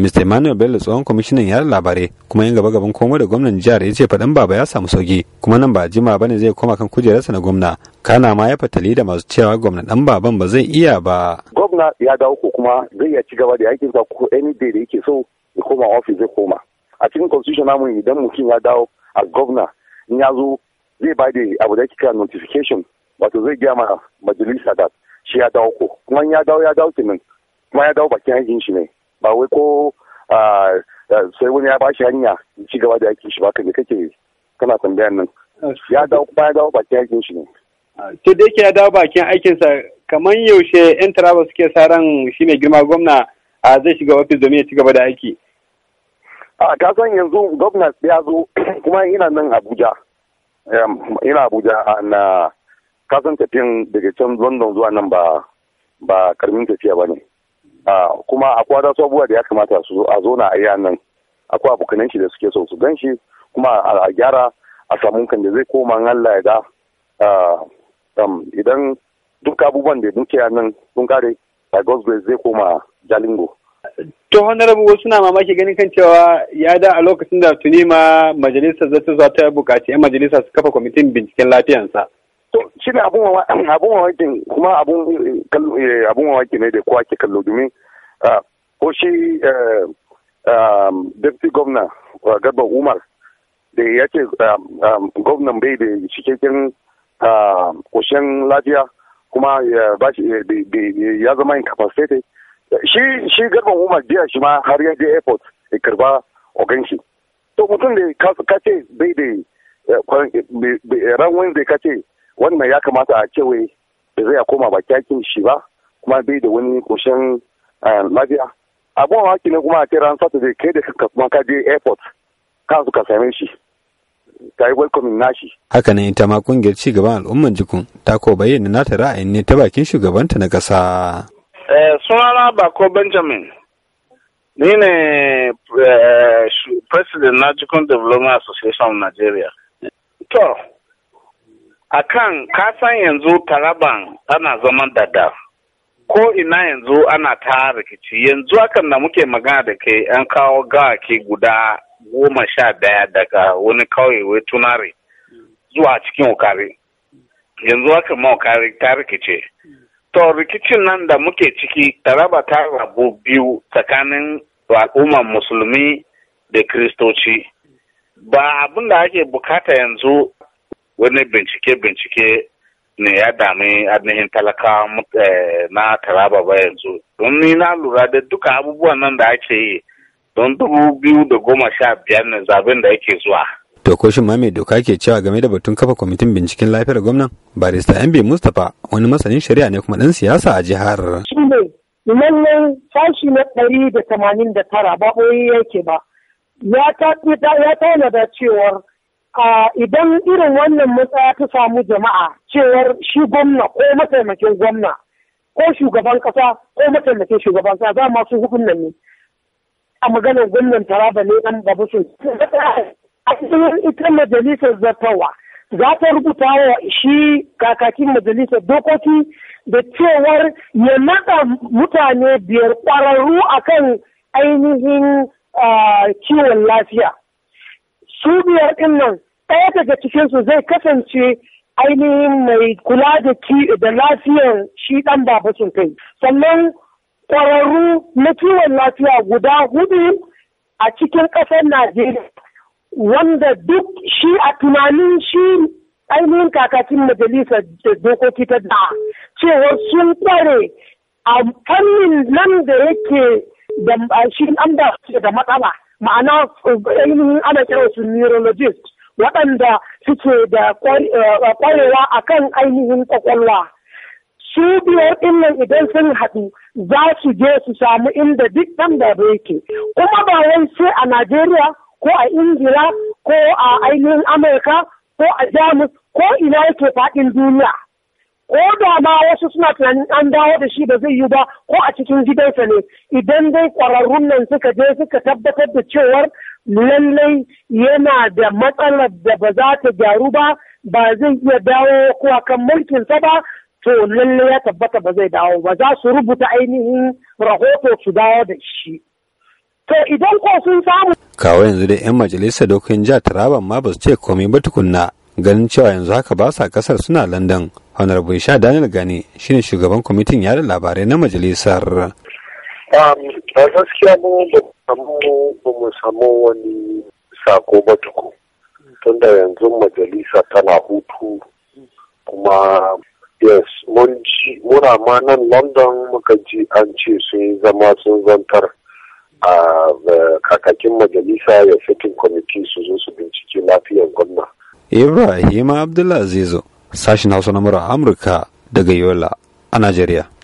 Mr. Emmanuel Bello tsohon kwamishinan yada labarai kuma yin gaba gaban komo da gwamnan jihar ya ce faɗan baba ya samu sauki kuma nan ba jima ne zai koma kan kujerarsa na gwamna kana ma ya fatali da masu cewa gwamna ɗan baban ba zai iya ba. Gwamna ya dawo ko kuma zai iya ci gaba da yakin sa ko any day da yake so ya koma ofis zai koma. A cikin constitution namu idan mutum ya dawo a gwamna in ya zo zai ba da abu da kira notification wato zai gaya ma majalisa da shi ya dawo ko kuma ya dawo ya dawo kenan kuma ya dawo bakin aikin shi ne. ba wai ko sai wani ya bashi hanya ci gaba da aikin shi ba ka ne kake kana tambayan nan ya dawo kuma ya dawo bakin aikin shi ne to da yake ya dawo bakin aikinsa kamar yaushe yan taraba suke sa ran shi ne girma gwamna a zai shiga ofis domin ya ci gaba da aiki a ka san yanzu gwamna ya zo kuma ina nan abuja ina abuja na kasan tafiyan daga can london zuwa nan ba ba karamin tafiya ba ne kuma akwai wadansu abubuwa da ya kamata su a zo na a nan akwai abokanan shi da suke so su gan kuma a gyara a samu kan da zai koma Allah ya da um, idan duk abubuwan da muke a nan sun kare a Gosbe zai koma Jalingo. To honorable wasu na mamaki ganin kan cewa ya da a lokacin da tuni ma majalisar zata zuwa bukaci 'yan majalisa su kafa kwamitin binciken lafiyansa. to shi ne abun mamakin kuma eh, eh, abun mamaki ne da kowa kallo domin ah, ko shi eh, ah, deputy governor ah, garba umar da ya ce gwamnan bai da cikakken koshin lafiya kuma ya zama incapacitated shi shi garban umar jiya shi ma har ya je airport ya karba ogan shi to mutum da ka ce bai da ran wani da ka ce wannan ya kamata a kewaye da zai koma ba shi ba kuma bai da wani koshin eh, lafiya abuwa haki ne kuma a an ran da kai da kanka kuma ka je airport kan ka same shi ta yi welcoming nashi haka ne ita ma kungiyar ci gaban al'umman jikun ta ko bayyana nata ra'ayin ne ta bakin shugabanta na kasa eh sunana bako benjamin ni ne eh, president na jikun development association of nigeria to A kan kasan yanzu taraban ana zaman dada ko ina yanzu ana ta rikici yanzu hakan da muke magana da ke an kawo gawaki guda goma sha daya daga wani kauye wai tunare zuwa cikin okare yanzu hakan ma okare ta rikice to rikicin nan da muke ciki taraba ta rabu biyu tsakanin al'ummar musulmi da kristoci ba abin da ake bukata yanzu wani bincike-bincike ne ya dami ainihin talaka eh, na taraba ba yanzu don ni na lura da duka abubuwan nan da ake yi don dubu biyu da goma sha biyar ne zaben da yake zuwa to ko shin ma mai doka ke cewa game da batun kafa kwamitin binciken lafiyar gwamnan barista mb mustapha wani masanin shari'a ne kuma dan siyasa a jihar shine lallai sashi na ɗari da tamanin da tara ba ɓoye ke ba ya ta da cewar a idan irin wannan matsaya ta samu jama'a cewar shi gwamna ko mataimakin gwamna ko shugaban kasa ko mataimakin shugaban kasa za masu nan ne a maganar gwamnan taraba ne dan babu sun a cikin ita majalisar zartawa za ta rubuta wa shi kakakin majalisar dokoki da cewar ya naɗa mutane biyar ƙwararru akan ainihin kiwon lafiya su biyar ɗin nan ɗaya daga cikinsu zai kasance ainihin mai kula da da lafiyar shi ɗan baba sun kai sannan ƙwararru na kiwon lafiya guda hudu a cikin ƙasar najeriya wanda duk shi a tunanin shi ainihin kakakin majalisa da dokoki ta da cewa sun kware a fannin nan da yake da shi an ba da matsala ma'ana ainihin eh, ana kira su neurologist waɗanda suke da eh, a kan ainihin ƙwaƙwalwa. su biyo ɗin nan idan sun haɗu za su je su samu inda duk ɗan da yake kuma ba wai sai a Najeriya ko a Ingila ko a ainihin Amurka ko a Jamus ko ina yake faɗin duniya. ko da ma wasu suna tunanin an dawo da shi ba zai yi ba ko a cikin gidansa ne idan dai kwararrun nan suka je suka tabbatar da cewar lallai yana da matsalar da ba za ta gyaru ba ba zai iya dawo ko kan mulkinsa ba to lallai ya tabbata ba zai dawo ba za su rubuta ainihin rahoto su dawo da shi to idan ko sun samu kawo yanzu da 'yan majalisar dokokin jihar taraban ma ba su ce komai ba tukunna ganin cewa yanzu haka ba sa kasar suna Landan. honorable isha daniel gani shine shugaban kwamitin yada labarai na majalisar a gaskiya mu ba mu samu wani sako ba tuku tunda yanzu majalisa tana hutu kuma yes mun ji muna ma nan london muka ji an ce sun zama sun zantar a kakakin majalisa ya fitin kwamiti su zo su bincike lafiyar gwamna ibrahim abdullah zizo sashen hausa na mura amurka daga yola a najeriya